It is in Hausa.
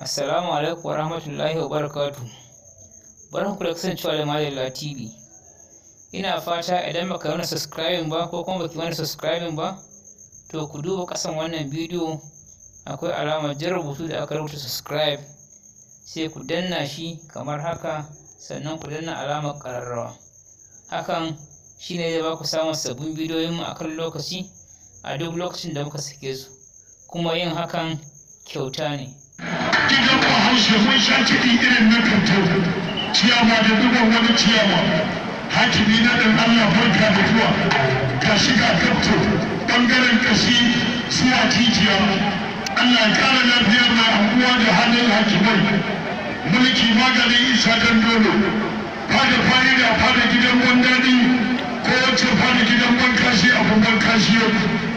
Assalamu alaikum wa rahmatullahi wa barakatu. Barkan ku da kasancewa da Malala TV. Ina fata idan baka wani subscribing ba ko kuma baki wani subscribing ba, to ku duba kasan wannan bidiyo akwai alamar jan rubutu da aka rubuta subscribe sai ku danna shi kamar haka sannan ku danna alamar kararrawa. Hakan shi ne zai ba ku samun sabbin bidiyoyin mu akan lokaci a duk lokacin da muka sake su. Kuma yin hakan kyauta ne. kin ga ko haushe mun sha kiɗi irin na kanto ciyawa da dubar wani ciyawa hakimi na ɗan Allah barka da zuwa ka shiga kanto ɓangaren kashi suwa jijiya Allah ya ƙara lafiyar na anguwa da halin hakimai mulki maganin isa dan dole fada fari da fada gidan wandani ko wacce fada gidan kashi abubuwan kashi yau